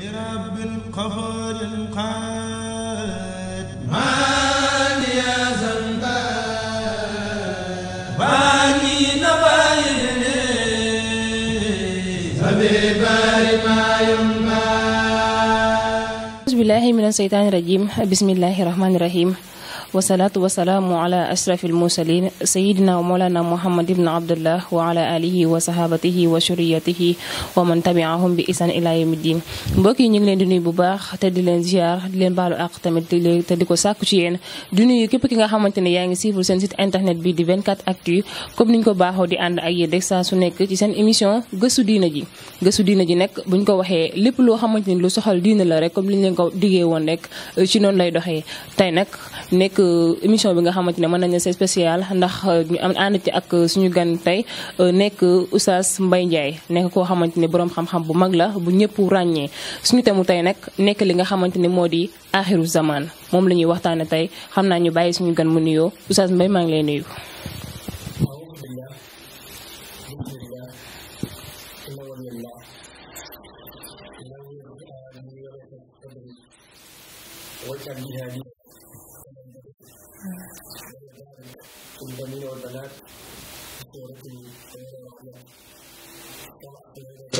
لرب القفار القاد مان يا زنبان باني نبايل سبي باري ما ينبان أعوذ بالله من الشيطان الرجيم بسم الله الرحمن الرحيم wasalaatu wasalaamu ala ashraf almursalin sayidina wa moolana muhammad ibn abdullah wa ala alihi wa sahabatihi wa shuriyatihi wa man tabiahum bi isan ila yawmiddin mbokk yi ñu leen di nuyu bu baax te di leen ziar di leen baalu àq tamit te di ko sàkku ci yéen di nuyu képp ki nga xamante ne yaa ngi suivre seen site internet bi di 24 actu comme niñ ko baaxoo di ànd ak yéen rek saa su nekk ci seen émission gëstu diina ji gëstu diina ji nag buñ ko waxee lépp loo xamante ni lu soxal diina la rek comme liñ leen ko diggee woon rek ci lay doxee tey nag nekk émission bi nga xamante ne mën nañu c'est spécial ndax euh, ñu am ànd ci ak euh, suñu gan tey euh, nekk Oustaz Mbaye Ndiaye nekk koo xamante ne boroom xam-xam bu mag la bu ñëpp ràññee suñu temu tey nag nekk li nga xamante ne moo di aaxiru zamaan moom la ñuy waxtaane tey xam naa ñu bàyyi suñu gan mu nuyoo Oustaz mbay maa ngi lay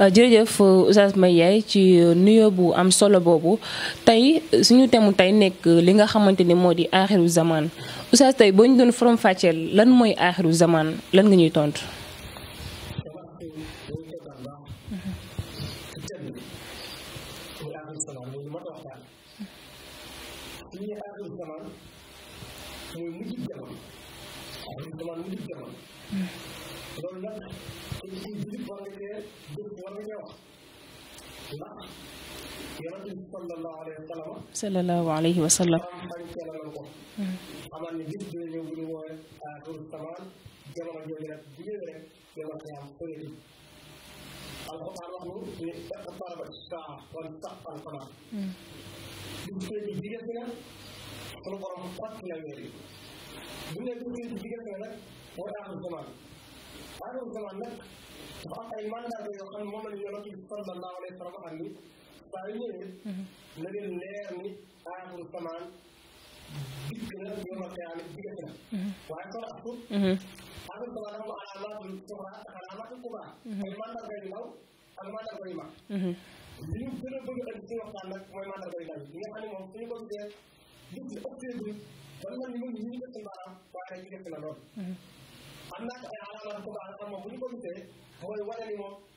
Euh, jërëjëf Oustaz Mbaye Ndiaye ci nuyoo bu am solo boobu tey suñu temu tey nekk li nga xamante ni moo di aaxiru zamaan Oustaz tey boo ñu doon forom fàcceel lan mooy aaxiru zamaan lan nga ñuy tontu. sallallahu alayhi wa sallam xamal ni bis dina ñëw bu ñu woowee aaxiru zamaan jamono jooju nag bu ñëwee rek jamono yaa am soriwul alxuraan wax ni ni iqtarabat saa wan saqal xamaan bis dina ci jigéen si nag sunu borom xotti na weer yi bu ñu bis dina ci jigéen si nag mooy aaxiru zamaan aaxiru zamaan nag dafa am ay mandat yoo xam ne moom la ñu yoroon ci sallallahu alayhi wa sallam saa yu ñëwee na leen leer ni aatul samaan dikk na yoma xeyaami diggante na mhm. waaye soraatu mhm. aatul samaan dafa am alaamatul kubraa ak alaamatul kubraa ay mhm. mandarga yu ndaw ak mandarga yu mag li ñu gën a bëgg andi ci waxtaan nag mooy mandarga yu ndaw yi nga xam ne moom suñu ko gisee gis ni ëppeegul ba mel ni ñu ngi def ci baaraam waaye diggante na lool am naa ay alaamatul kubraa nag moom bu ñu ko gisee mooy wane ni moom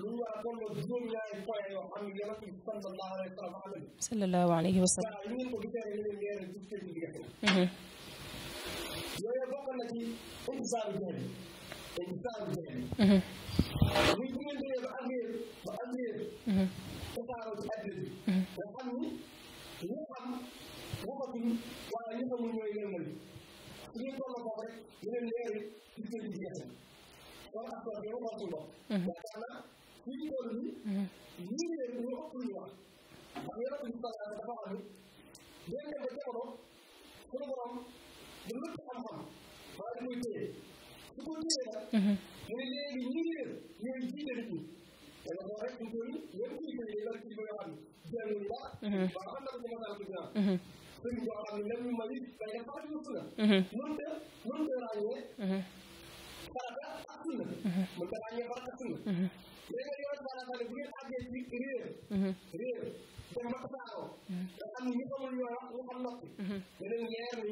lu ñu war a tolloo juróom-ñaari point yoo xam ne yonent bi sallallahu alayhi wa sallam am nañu. sallallahu alayhi wa sallam. waaw ñu ngi ko gisee ne ñu ngi leeral ci seen liggéey. yooyu bokk na ci insaaru jël insaaru jël. muy jigéen bi ba am yéen ba am yéen. tasaaroo ci àddina bi. nga xam ni ñu xam waxatuñ wala ñu xamul ñooy yëngal su ñu tolloo foofu rek ñu leen leeral ci seen liggéey. kon ak loolu waxatuñ ko. ñu ngi doon ni ñu leen ñu farata ak sunna mun nga ràññee farata ak sunna léegi nag yow daal dafa ne bu ngeen àggee ci réer réer dem ba tasaaroo nga xam ne ñu xamul ñoo wax ñu xam noppi beneen ñeer ni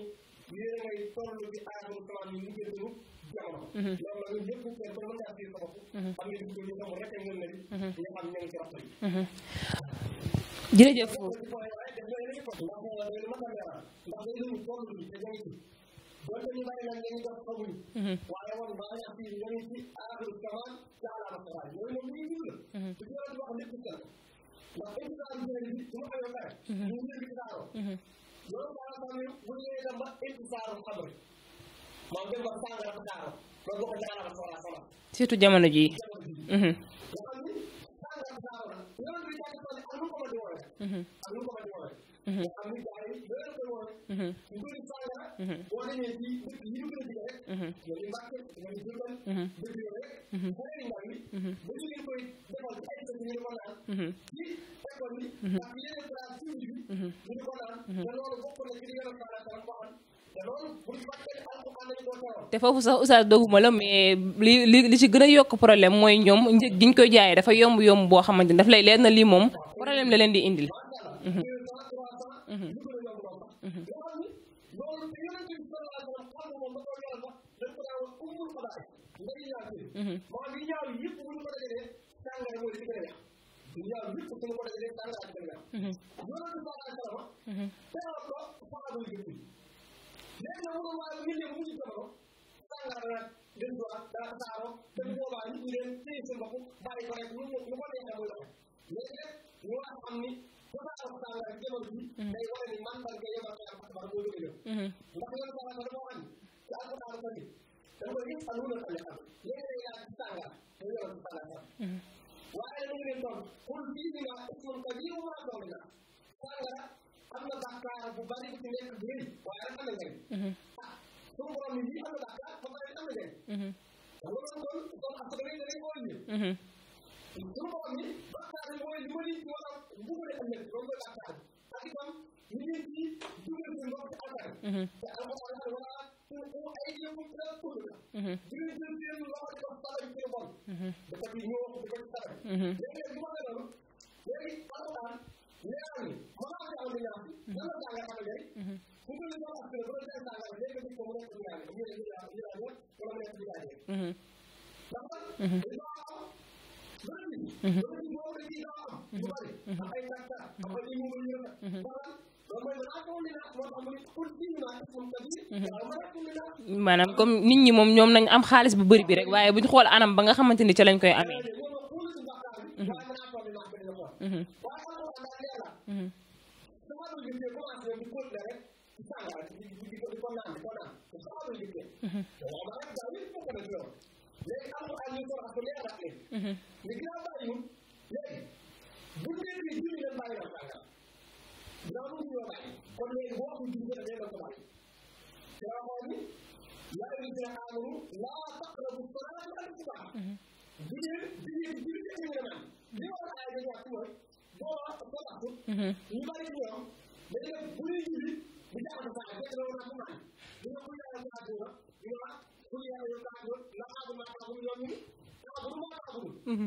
yéen ngay toll ci aaxiru zaman yi mujjatu jamono loolu la ñëpp kenn ko mën ngaa fiir sa bopp xam ne ñu ñu xamul rek ngeen nali nga xam ña ngi ci waxtu yi jërëjëf ndax xewoon maanaam fii surtout jamono jii. jamono jii. Mhm. nga xam ni boo demee ci dëkk te foofu sax oustaz doguma la mais li li li ci gën a yokk problème mooy ñoom njëg gi ñu koy jaayee dafa yomb yomb boo xamante ni daf lay leer na lii moom ah, problème la leen di indil ñu mën a jëlee dara ak gannaaw. Mhm. loolu du baax ak dara teewal ko saxaabul jëmm léegi nag mënul waa mbir bu ci jamono sàngara nag gën di waat dara tasaaroo te bu boobaa nit ñi leen téye seen bopp bàyyi ko rek lu ko lu ko neexee muy doxe léegi nag ñu war a xam ni tasaaroo sàngara jamono bi mhm. day wane ni man barke yomal xeer parce que moo mhm. dëgg yow ndax yoon sàngara dafa wax ni ci alquran ko ni dafa ko gis aluna tamit am léegi nag yaa ci sàngara te yoon sàngara waaye lu ngeen mu maa doon la sànga am na bàkkaar bu waaye am na njëriñ mhm. ah, ni lii am na bàkkaar ba pare am na njëriñ mhm. loolu kon mhm. ma lii ci waral mbugale am nekk loolu mooy bàkkaar bi ak itam ñu ngi ci dugal ci mbokk ci alkare o ainihin transporta. Jirgin biyu za a kan tsarin kebon da ta biyo da kan tsarin. Yake kuma da nan, yake tsarta ne a ne, kuma a kan ya fi, yana da ya kan gai. Kuma ne ba a kan zuwa da ta kan gai da kuma da kuma ya ne, kuma ya ne, kuma ya ne, kuma ya ne. Daban, ina zani, zani ba wani gida, ba ne, a aikata, a wani mummunan, ba maanaam comme nit ñi moom ñoom nañ am xaalis bu bëri bi rek waaye bu ñu xool anam ba nga xamante ni ca lañ koy amee. Mmh. Mmh. Mmh. ñaanu si yow daal kon léegi boo ko jublu da ngay doon tabax te waxoon ni yaa ngi gën a amul laa taqrabu salaata ak subaa. Mhm. jigéen jigéen jigéen ci biir man. li war a aay dañuy wax ci mooy boo wax boo taxu. Mhm. ñu bari ci ñoom dañu def bu ñuy julli bu jaaxle saa fekk na woon ak man ñu ne ko yàlla ñu àdduna ñu wax pour yàlla yow taxul la aaduma taxul yoon yi taxul maa taxul. Mhm.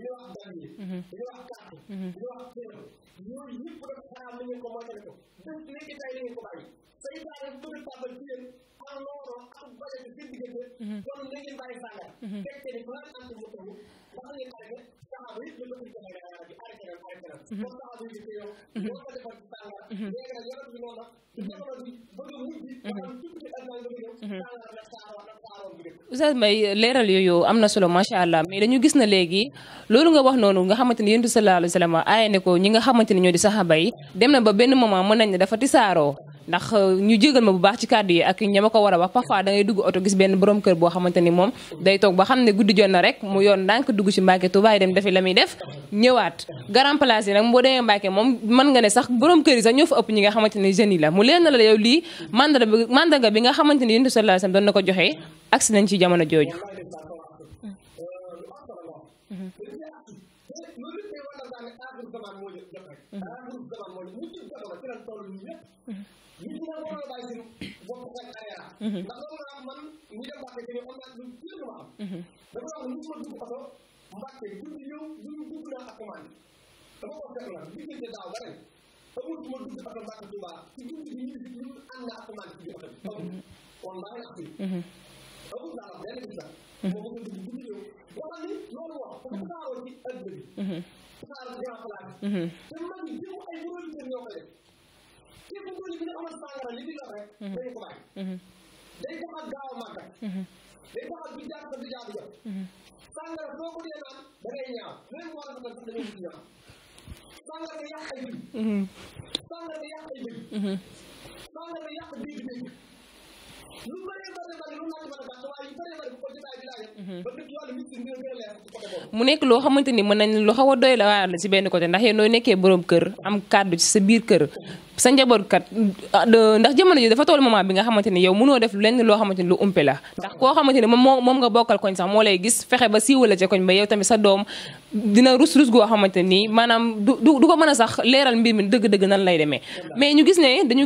ñu wax dàll yi. ñu mhm. wax kàttu. ñu mhm. wax kër yooyu yëpp rek xaraam nañu ko moytal ko bés bu nekk tey dañu ko bàyyi saytaane bëgg tàbbal ci leen ak looro ak bale bi seen diggante. Mhm. kon na ngeen bàyyi sàngar. fekk ni balaa nga xam ne motul wax nga tàgge saxaaba yëpp ñu bëgg ko may daal di arrêté leen arrêté leen. kon saxaaba yi ko yow. boo ko defal ci sàngar. léegi nag yow bi noonu la. jamono bi bëgg a mujj. maanaam tuuti ak naan nga ñëw. sàngar nag saxaaba Oustaz Mbaye leeral yooyu am na solo macha allah mais dañu gis na léegi loolu nga wax noonu nga xamante ni yéen sallallahu alayhi wa ne ko ñi nga xamante ñoo di saxaaba yi dem na ba benn moment mën nañ ne dafa ndax euh, ñu jégal ma bu baax ci kàddu yi ak ñama ko war a wax parfois da dugg oto gis benn borom kër boo xamante ni moom day toog ba xam ne guddi jot na rek mu yoon ndànk dugg ci Mbàkke Tuubaa yi dem defi la def ñëwaat grand boo demee Mbàkke moom mën nga ne sax borom kër yi sax ëpp ñi nga xamante ni jeunes leen na la yow lii bi nga xamante ni yonent sallallahu alayhi wa sallam na ko joxe agsi nañ ci jamono jooju. mm loolu laa la benn gis la. boo ko dugg dugg ñëw waxal ni loolu wax parce que taaroo ci adduna bi. taar yaa place. te mag ñi jëm ay borom kër ñoo ko def. te bu góor ñi bi nga amal sàngara li bi nga rek. dañu ko bàyyi. day tax ak gaaw a màggat. day tax ak du jaar sa du jaar jot. sàngara soo ko dee naan da ngay ñaaw même bu wàllu nag dañoo gis ñaaw. sàngara da yàq ay bëñ. sàngara da yàq ay bëñ. sàngara da yàq dégg-dégg. lu bëree mu nekk loo xamante ni mën nañ lu xaw a doy la waaye la ci benn côté ndax yéen noo nekkee borom kër am kàddu ci sa biir kër sa njaboot kat ndax jamono ji dafa toll moment bi nga xamante ni yow mënoo def lenn loo xamante ni lu umpe la ndax koo xamante ni moom moom nga bokkal koñ sax moo lay gis fexe ba siiwal la ca koñ ba yow tamit sa doom dina rus rus goo xamante ni maanaam du du ko mën a sax leeral mbir mi dëgg-dëgg nan lay demee mais ñu gis ne dañu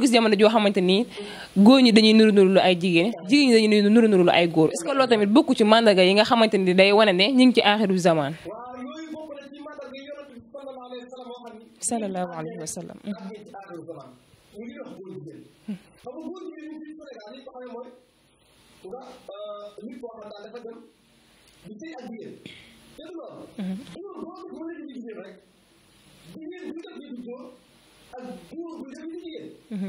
ni jigéen jigéen ñi nuru nuru ay góor est-ce que loolu tamit bokku ci màndarga yi nga xamante ni day wane ne ñu ngi ci aaxiru zamaan. sallallahu alayhi wa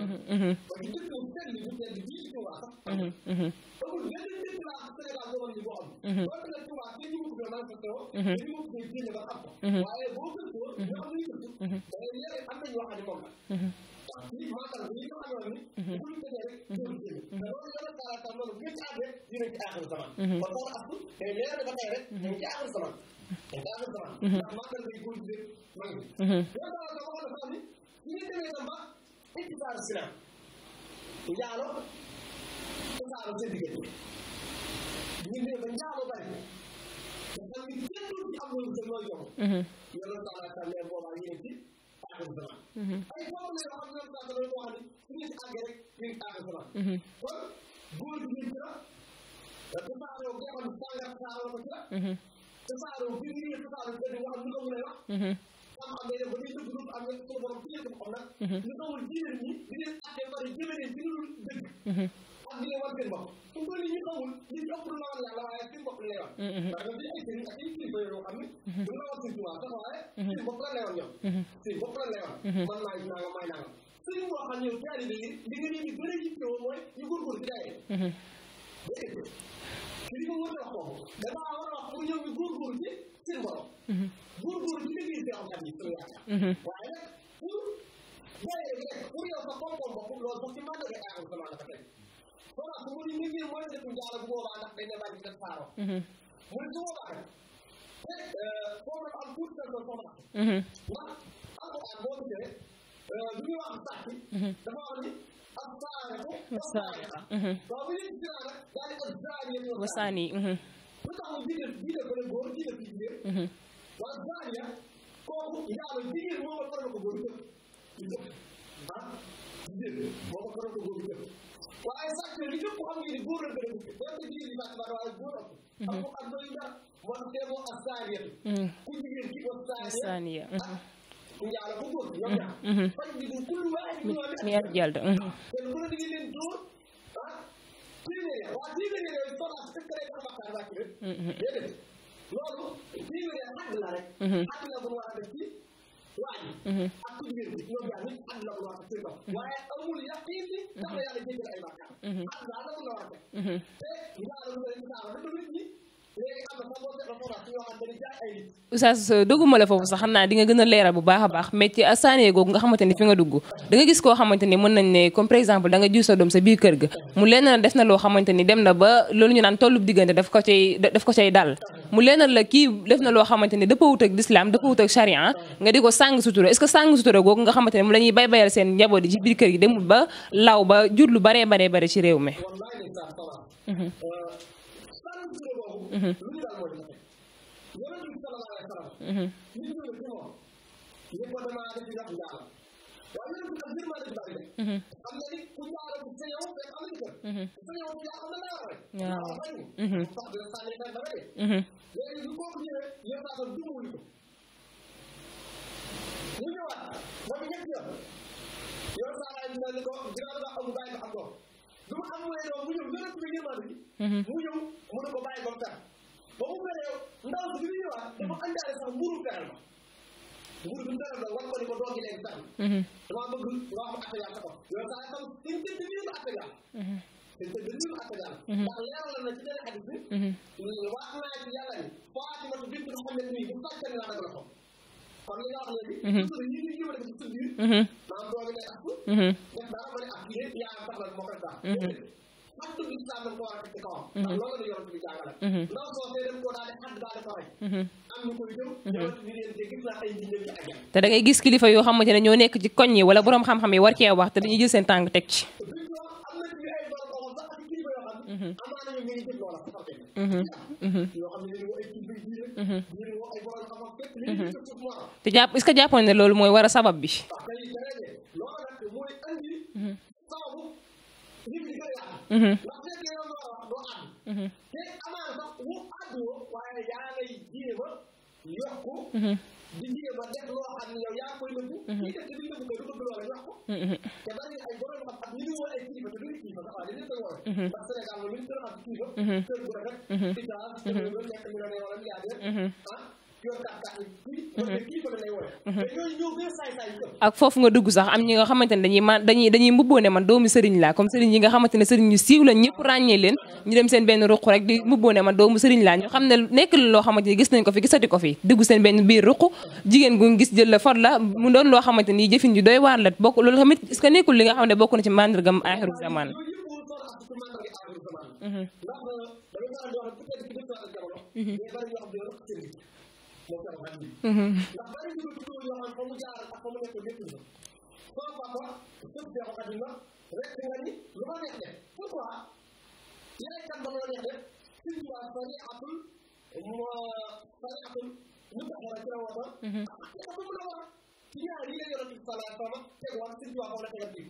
kon ñu déglu seen li ñu dégg bii ci Touba sax. amul benn déplacement Sénégal boo xam ne boo xam ne. loolu la Touba kenn ñu ko gën a manifestoo. kenn ñu ko gën a génne ba xam ko. waaye boo gëstoo ñu am lu ñu gëstu. da ngay yore am nañu wax ne moom la. ndax lii maanaam li ñu xamoon ni. bu ñu tëjee rek ñu génn. te loolu yàlla saa tam loolu bu ñu caagee dinañ ci aaxal zaman. kon loolu ak day leer ba tey rek ñu ci aaxal zaman. dañ ci aaxal zaman. ndax maanaam day góor gi rek man. loolu daal dafa war a xam ni su ñu demee tam ba. ay tisaaru silam njaalo tisaaru seen diggante ñu ne ba njaalo bari te xam ni kenn du ci am lu mooy jox mhm. yàlla taala taala boobaa yéen ci aaxir zaman mhm. ay boobu la yoo xam ne saa dana boo xam ne su ngeen àggee rek yéen aaxir zaman kon góor gi ñu dina tisaaroo boo xam ne sàngat tisaaroo ko ci la mhm. tisaaroo bi ñu tisaaroo bi nga xam ne lu ko mën a wax xam nga ne ba ngay dëgg dul am na suñu borom bi leen xam nag ñu doomul jigéen ñi di leen àtte bari jëme leen ci lu dëgg ak di leen war seen bopp su ko li ñu xamul li ñu ëpp lu naan yàlla waaye seen bopp lay wan parce que dañu ay sëriñ ak ay kilifa yoo xam ne du la war seen tubaab sax waaye seen bopp la lay wan ñoom seen bopp la lay wan man maay nangam maay nangam sëriñ boo xam yow jaari bi li li nga leen di gën a yittewoo mooy ñu góorgóor ci daayee li ma war a wax foofu damaa war a wax pour ñëw ñu góorgóor ci seen borom. góorgóorlu bi liggéey bi am xam ni soo yaakaar. waaye nag pour bàyyee rek pour yow sa koom-koom bopp loolu sax ci màgg ngay aaxal sama la ko tey. voilà su ma di liggéey mooy ne tuuti àll bu boobaa ndax dañ ne bàyyi bi def saaro. mu ne su boobaa nag foo mën am pour sa loolu foo mën ndax alquran boo gisee lu ñuy wax sàcc. dafa wax ni ak saare ko. waaw bu ñu gisee nag daal di ko zaari yëpp lu tax mu bindal bindal ko la góor bindal ko jigéen. Mhm. waa Zaria kooku yaa la jigéen moo ko faral ko góor ñëpp. ah jigéen moo ko faral ko góor ñëpp. waaye sax li ñëpp xam ngeen ni góor la gën a gudd. boo ko jigéen ñi baax na waaye góor la ko. Mhm. xam nga ak doy na man teewoo ak Zaria. Mhm. ku jigéen ki ko Zaria. yaa la ko góor ñoom ñaar. fan bi du kullu waaye ñu ñoo def. mi ak jàll de. kon bu la diggee leen dóor ah téeméer waa téeméer évacué mm-hmm. déedéet loolu lii ñu nee àgg la rek mm-hmm. àgg la bu ñu war a def ci waaye mm-hmm. ak ku jigéen bi ñoom ñaar ñëpp àgg la bu ñu war a def ci kaw waaye amul yaqiin bi ndax yàlla jéggal ay bàkkaar àgg la la bu ñu war a def te ñaar lu bëri saara dafa nit ñi sa Oustaz euh, dëgguma la foofu sax xam naa di nga gën a leeral bu baax a baax mais ci saanee googu nga xamante ni fi nga dugg da nga gis koo xamante ni mën nañ ne comme par da nga jiw sa doom sa biir kër mu leen na def na loo xamante ni dem na ba loolu ñu naan tollub diggante daf ko cay daf ko cay dal mu leen la kii def na loo xamante ni dëppawut ak lislaam dëppawut ak charia nga di ko sàng sutura est-ce que sàng sutura googu nga xamante ni mu la ñuy bay bayal seen njaboot yi ci biir kër gi demul ba law ba jur lu baree baree bare ci réew mi gis-gis boobu. lu ñu daal moo dina teg yonent bi sallallahu alayhi wa sallam. ñu ñëw ci moom ñu ko damaa def ndax njaala waaye yonent bi ak biir maa def bari de. xam nga ni ku njaala ku sa yow fekk am na kër. sa yow yaa xam na laa war rek. waaw bañ sax dina sànni xel dara de. léegi bi kooku ñëwee yéen saa doon dugg wuñu ko. ñu ñëwaat ba mu ñett yoon. yow saa laay dina ni ko ginnaaw nga am bàyyi ko am doom. bi mu amulee doom bu ñëw gërëm ci yéemaane bi. mu ñëw mu ne ko bàyyi comme ça ba mu meree ndaw si bi muy ñëwaat dafa àndaale sax mbuuru garal ma mbuuru bi mu garal ma war ko ni ko doogi léegi sax. Mhm. damaa bëgg nga am attaquant sa bopp. yow sax tam seen tëdd bi ñu la attaquant. seen tëdd bi ñu la attaquant. ndax leeral na ci benn hadis bi. Mhm. wax naa ci yàlla ni Faatimatu bint Muhammad nii bu fàttali laa dagg la ko. kon li nga wax léegi. Mhm. toujours ñi ñuy jéem a def ci suñu biir. maanaam doogi day ak. ak bi gis naa ay njëriñ te da gis kilifa yoo xamante ne ñoo nekk ci koñ yi wala borom xam-xam yi war cee wax te dañuy jël seen tàng teg ci am naa ne ñoom ñu ngi ne ñu ngi woo ay kii bi ndax fekkee yow loo wax doo ànd te amaana sax wu àdduwoo waaye yaa ngay jéema yokku di jéema def loo xam ne yow yaa koy nëbbu kii def te di nëbbu ko du bëgg loola yokku te bari ay borom mm-hmm. xam mm-hmm. ak ñu ngi woon ay kilifa te duñu kilifa sax waaye dañu koy woon ndax Sénégal moom mm-hmm. ñu gën a xam ci kilifa kër bu rafet pitage kër bu nekk millionnaire wala milliardaire ah yor kàttan yi Mhm. ak foofu nga dugg sax am ñi nga xamante ne dañuy man ne man doomu sëriñ laa comme sëriñ yi nga xamante ne sëriñ yu siiw la ñëpp ràññee leen ñu dem seen benn ruq rek di mbubboo ne man doomu sëriñ laa ñu xam ne nekk la loo xamante ni gis nañ ko la for la loo xamante ni jëfin ju doy waar la bokk loolu tamit est nekkul li nga xam ne na ci màndargam aaxiru zaman maanaam fa mu jaar ak fa mu nekk lépp la sama papa sëb bi ko xadim la rek nga ni lu ma neex def pourquoi yaay kat ba ma neex def suñ tubaab sari atul mo sari atul ñu ko xara ci wata ak ko mu la war mhm. ci ñaar yi la yoroon ci sala sama tegoon suñ tubaab la tegal bi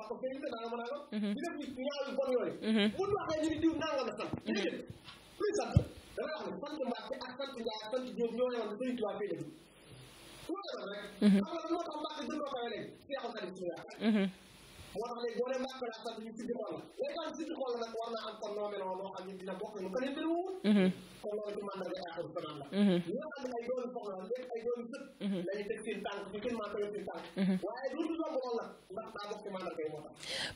wax ko kër yi nga nangam nangam. ñu def nit ñaar yu bon yooyu. Mhm. bu ñu waxee ñu ni diw nangam la sant. Mhm. déedéet plus sant da nga xam ne sant Mbacke ak sant Ndiaye ak sant Diop ñoo yemal Sëriñ Tuubaa fee dem. su ma demoon rek. Mhm. xam nga moo tax Mbacke gën koo kawe léegi Seexul Xadiim suñu yaakaar. moo tax léegi boo dee Mbacke laa sant ñu siddi xool la léegi daal siddi xool la nag war naa am kon noo mel noo xam ne dina bokk ñu keneen bëri wu. kon loolu ci mandat bi aaxiru fanaan la. ñu nga xam ne ay doomi soxla léegi ay doomi sët. dañuy teg seen tànk ñu kenn maa koy seen tànk. waaye du du yomb lool nag ndax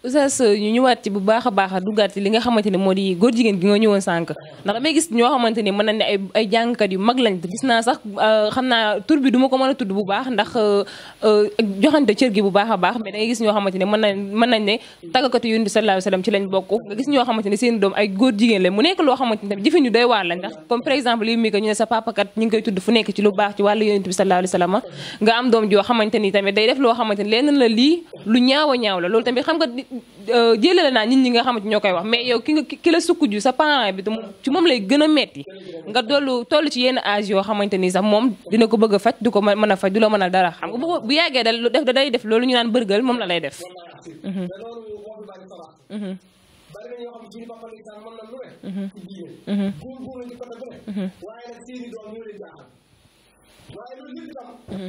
Oustaz ñu ñëwaat ci bu baax a baax a duggaat ci li nga xamante ne moo di góor jigéen gi nga ñëwoon sànq ndax damay gis ñoo xamante ne mën yu mag lañ te naa sax euh, xam naa tur bi du ma ko mën a tudd bu baax ndax euh, euh, joxante cër gi a baax mais da ngay gis ñoo xamante ne mën na mën nañ ne tàggakatu Yonent bi sallallahu alayhi wasallam ci lañ bokk nga gis ne seen doom ay góor jigéen lañ mu nekk loo xamante ne tamit jëfin yu doy waar lañ ndax comme par exemple li mi ko ñu ne sa papakat ñu ngi koy tudd nga am doom joo xamante tamit day def loo xamante lenn la lii lu ñaaw gaaw a ñaaw la loolu tamit xam nga euh, jëlale naa nit ñi nga xamante ñoo koy wax mais yow ki nga ki la sukk sa parent bi ci moom lay gën a metti nga dollu toll ci yenn âge yoo xamante ni sax moom dina ko bëgg a faj du ko mën a faj du la mën a dara xam nga bu bu yàggee dal def da day def loolu ñu naan bërgal moom la lay def mhm. Mhm. Mhm.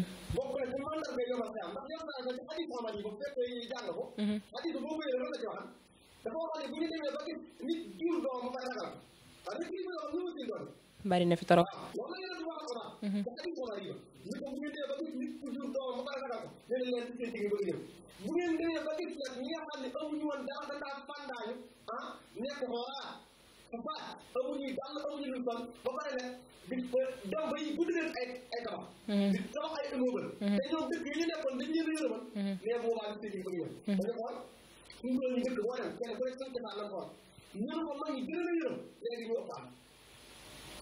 tardé yomal xiyam ndax def naa ne ci xadis Muhammad yi bu fekkee ñu jàng ko xadis bi boo koyee loolu la ci waxan dafa wax ne bu ñu demee ba gis nit jur doom ba pare ragal ko waaye nit ki doom lu mu ci doon bari na fi torop loolu la yéen di wax ko ci xadis Muhammad yi ñu ko bu ñu demee ba gis nit ku jur doom ba pare ragal ko leen leen ci tigi ba ñëw bu ngeen demee ba gis nag ñi nga xam ne amuñu woon dara dandaa fàndaañu ah nekk ko waa bu baax amuñu dàll amuñu lu sol ba pare nag di dem ba yi gudd leen ay ay tabax. Mm-hmm. di tabax ay immeuble. Mm-hmm. te ñoom dëkk yi ñu nekkoon dañ leen a yërëmal. Mm-hmm. mais bu boobaa nit ñi ko yërëm. parce que xool suñu kuréel yi njëkk boo dem kenn ku nekk sant naa la ko war ñun ko mag ñi gën a yërëm léegi ñu ëpp am.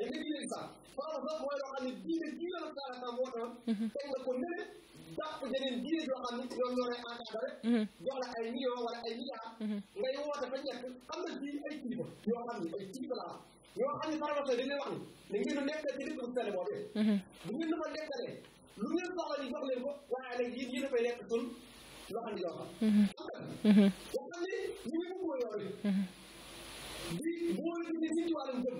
ay nga diine sax farata sax mooy loo xam ne diine diine la sax sax moo tax teg nga ko nële jàpp jeneen diine yoo xam ne ñoom ñoo lay encadré jox la ay millions wala ay milliards ngay woote fa ñett am na di ay kilifa yoo xam ne ay kilifa laa yoo xam ne farata dañ lay wax ni ngeen di nekkee ci dëkk bu sell boobee bu ngeen di ko nekkalee lu ngeen soxla ñu jox leen ko waaye nag yéen yéen a fay nekk sun loo xam ne yoo xam yoo xam ne ñu ngi bëgg yoo di boo di ci wàllum jëm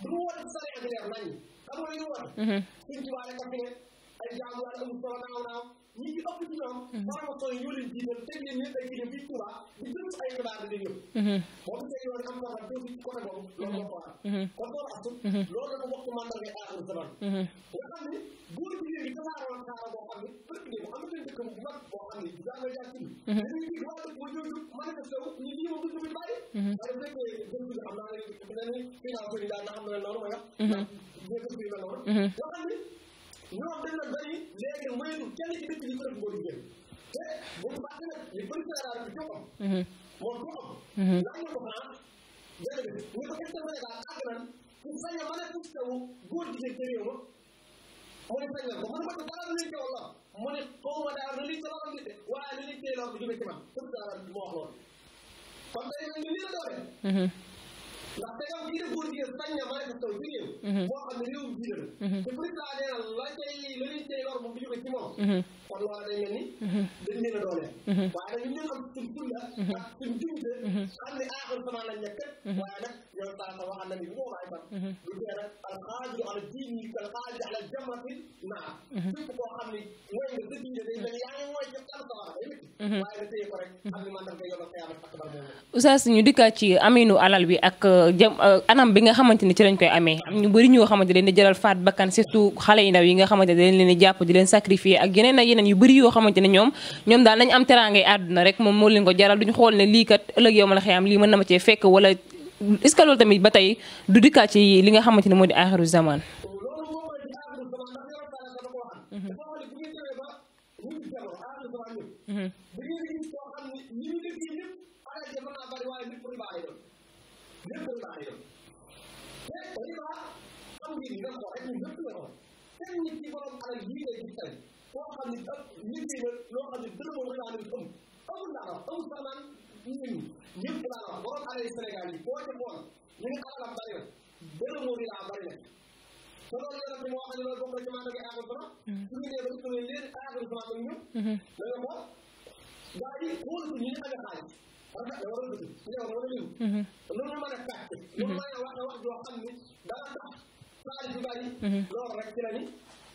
du mu woote sa réew leer nañ xam nga li mu woote. suñ ci wàllu kese ay jaamu wàllu amul solo naaw naaw ñi ci ëpp ci ñoom. Mhm. formation yi ñoo leen jiital teg leen ñëpp ay kii bi Touba di jëm ay xibaar di leen mhm. yëpp. ne am na sax ci côté boobu. loolu la ko waral. kon loolu asul. loolu dafa bokk mandat bi aaxul sabab. nga xam ne góor bi léegi tasaaroon taara boo xam ne përk bi am na dëkk bu mag boo xam ne daa ngay jàpp ci. dañuy gis waa dëkk ba ñëw ñu manifesté wu ñu lii ma bëgg bi bàyyi. waaye bu fekkee góor bi xam naa ne dañuy finance bi daal na xam ne loolu mooy wax. ndax góor bi la loolu. nga xam ne ñoom dañ la bari léegi moytu kenn ci dëkk bi përk boo jigéen te bu baax nag li bëri Sénégal bi joxam moom joxam laaj na ko xanaa dëkk bi ñu ko def Sénégal àgg nañ pour sañ a mën a taw góor jigéen ca réew ma mu ne sañ na ko man ma ne dara li ñu lor mu ne xaw ma dara li ñu lor de waaye li ñu tee lor bi jógee ci man pour dara moo wax loolu kon day mel ni li la doole ndax te yow kii de góor jigéen sañ na mën a taw ci réew boo xam ne réewum jigéen te président nee na la cay la ñuy tee lor moom bi jógee ci moom kon loolu day mel ni Mhm. waaye nag ñu am suñ fulla ak suñ juumte xam ne aaxul sama lañ nekk mhm. waaye nag yow saa sa waxal na ni moo waay man du mhm. tee nag alxaajir ala diini kalxaajir ala jamratin naa Oustaz ñu dikkaat ci aminu alal bi ak euh, euh, anam bi nga xamante ne ci lañ koy amee am ñu bëri ñoo xamante leen di jëlal faat bakkan surtout xale yu ndaw yi nga xamante ne dañ leen di jàpp di leen sacrifier ak yeneen ak yeneen yu bëri yoo xamante ne ñoom ñoom daal nañ am teraangay àdduna rek moom moo leen ko jaral duñu xool ne lii kat ëllëg yow la xëyam lii mën na ma cee fekk wala est-ce que loolu tamit ba tey du dikkaat ci li nga xamante ne moo di aaxiru zaman mm-hmm. nit ñi doon ko rek ñun ñëpp la ko kenn nit ci borom alal yii lay gis tey koo xam ne nit ñi loo xam ne dërëm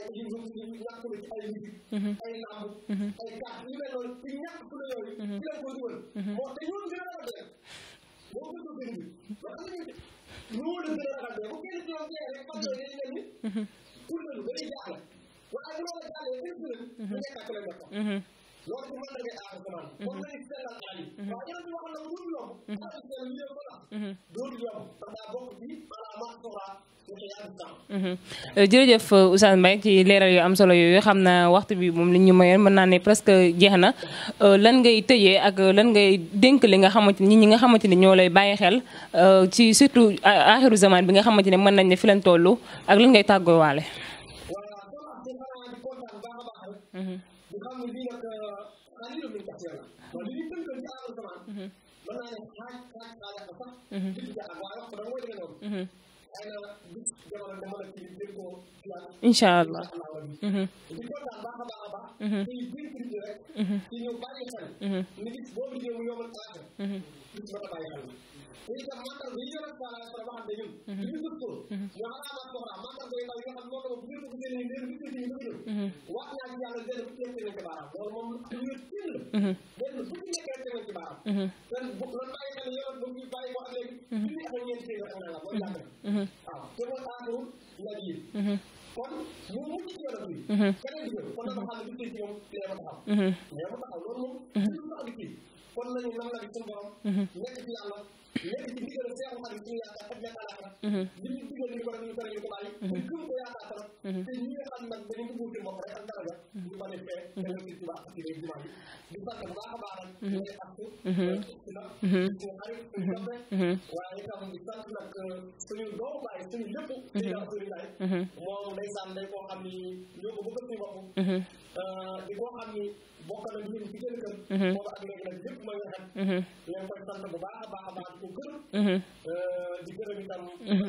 Mm-hmm. ay njëriñam ci ñàkk na ci ay nit. ay làmb. ay carte yu mel noonu ci ñàkk su la yooyu. Mm-hmm. ci la ko dugal. moo mm-hmm. te ñooñu gën a ragal dee. boo ko dugal seen bi ba xam ne ñoo la gën a ragal dee bu kenn ci loolu rek parce que dañu mel ni. pour nañu ba day jaaxle waaye bu loolu jaaxlee kenn ci la. bu nekkaat la nekk. war bu mën a jërëjëf euh, Ousmane Mbaye ci leeral yu am solo yooyu xam na waxtu bi moom li ñu mayoon mën naa ne presque jeex na euh, lan ngay tëjee ak euh, lan ngay dénk li nga xamante ni ñi ñi nga xamante ni ñoo lay bàyyi xel ci surtout aaxiru zaman bi nga xamante ne mën nañ ne fi lañ toll ak lan ngay tàggoo waale. xam ne lii nag xaalis la ñu tax yàlla. waaw li ñu tënkal ci àll samaan. mën naa ne xaaj xaaj xaalis ak sax. li ñu jaaxal waaye wax dama koy demee noonu. xëy na bis jamono dama la ciy dégg ko jiwaat. incha allah di kontaan baax a baax a baax. ci biir kii bi rek. ci ñëw bàyyi xel. ni gis boo liggéey mu yombal xalaat. gis nga ko bàyyi xel. ñun itam mandarga yi ñu doon saa la wax ñun. ñu gis ko. ñu xam naa ko soxla mandarga yi ndaw yi nga xam moom la bu ñu ko gisee nii léegi bu ñu ko gisee wax naa ci yàlla benn bu ñu leen ci baaraam loolu moom lu ñu tiim la. benn bu ñu leen leen ci baaraam. kon bu loolu bàyyi xel yoon bu ñu bàyyi wax léegi. ñu ngi amee ñeenti yoo xam ne la mooy jàppale. waaw te mu taatu la ji. kon mu mucc ci yoonam bi. keneen bi kon dafa xam ne bu ñu ci moom lee ma taxaw. lee ma taxaw loolu moom. kon nañu nangu la suñu borom. Mhm. nekk ci yàlla nekk ci diggante seexu xar yi ci yaakaar ak yaakaar mhm. li ñu digal ñu ko def ñu ko def ñu ko bàyyi. te mhm. gëm ko yaakaar trop. te ñi nga xam nag dañu dugg ci bopp rek ak dara ñu bañ a fee. te ñu ci tubaab ak yéen jumaa bi di sant bu baax a baax rek. ñu ngi sant. ci la. ci xarit ci soppe. waaye itam di sant nag euh, suñu doomu baay suñu lépp. ci yàlla suñu laay. moom ndeysaan day koo xam ni ñoo ko bëgg suñu bopp. Euh, di koo xam ni. bokk na ñun ci gën kër boobu ak léegi nag lépp mooy waxat mhm. leen koy sant bu baax a baax a baax di mhm. euh,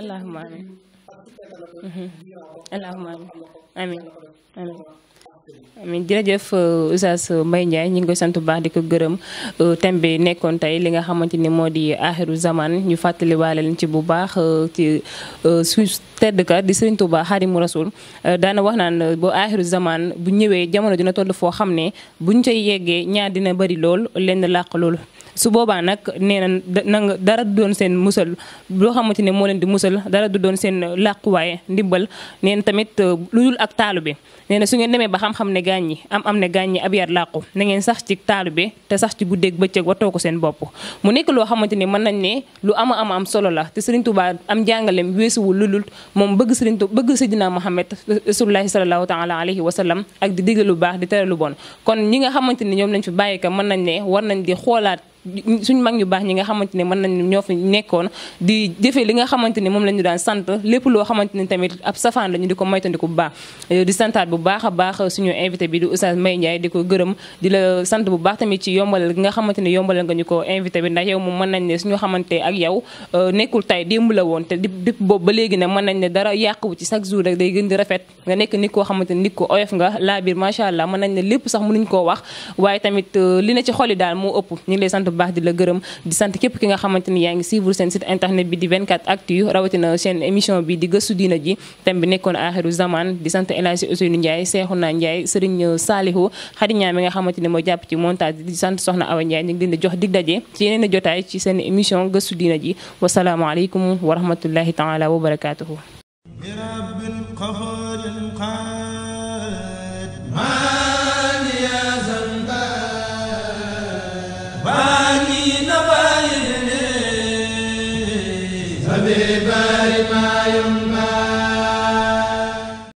allah waaye itam Mm-hmm. allahumma amin amin amin jërëjëf euh, Oustaz Mbaye Ndiaye ñu ngi koy sant bu baax di ko gërëm euh, tembe bi nekkoon tey li nga xamante ni moo di aaxiru zaman ñu fàttali waale leen ci bu baax euh, ci su tedd ka di Serigne Touba Xaadimu Rasul daana wax naan boo aaxiru zaman bu ñëwee jamono dina toll foo xam ne bu buñ cay yeggee ñaar dina bari lool lenn làq loolu su boobaa nag nee na dara du doon seen musal loo xamante ne moo leen di musal dara du doon seen làquwaay ndimbal nee na tamit euh, lu dul ak taalu bi nee na su ngeen demee ba xam-xam ne gaañ ñi am am ne gaañ ñi ab yar làqu na ngeen sax ci taalu bi te sax ci ba bëccëg watoo ko seen bopp mu nekk loo xamante ne mën nañ ne lu ama ama am solo la te Serigne Touba am jàngaleem weesuwul lu dul moom bëgg Serigne Touba bëgg Seydina Muhammad rasulullahi sallallahu taala alayhi wa sallam ak di lu baax di tere lu bon kon mën nañ ne war suñu mag ñu baax ñi nga xamante ne mën nañ ñoo fi nekkoon di jëfee li nga xamante ne moom la ñu daan sant lépp loo xamante ne tamit ab safaan la ñu di ko moytandiku bu baax euh, santaat bu baax a baax suñu invité bi di Oustaz Mbaye Ndiaye di ko gërëm di la sant bu baax tamit ci yombalal gi nga xamante ne yombalal nga ñu ko invité bi ndax yow moom mën nañ ne suñu xamante ak yow euh, nekkul tay démb la woon te di boob ba léegi ne mën nañ ne dara yàquwu ci chaque jour rek day gën di rafet nga nekk nit koo xamante ne nit ko oyof nga laa biir macha allah mën nañ ne lépp sax mënuñ koo wax waaye tamit euh, li na ci xoli daal moo ëpp ñu ngi bu baax di la gërëm di sant képp ki nga xamante yaa ngi suivre seen site internet bi di 24 actu rawatina seen émission bi di gëstu diina ji thème nekkoon aaxiru zaman di sant El Hadji Ousseynou Ndiaye Cheikhouna Ndiaye Serigne Salihu Khady Niang mi nga xamante moo jàpp ci montage di sant Soxna Awa Ndiaye ñu ngi leen di daje ci yeneen jotaay ci seen émission gëstu diina ji wasalaamaaleykum wa rahmatullahi taala wa barakaatuhu. Amen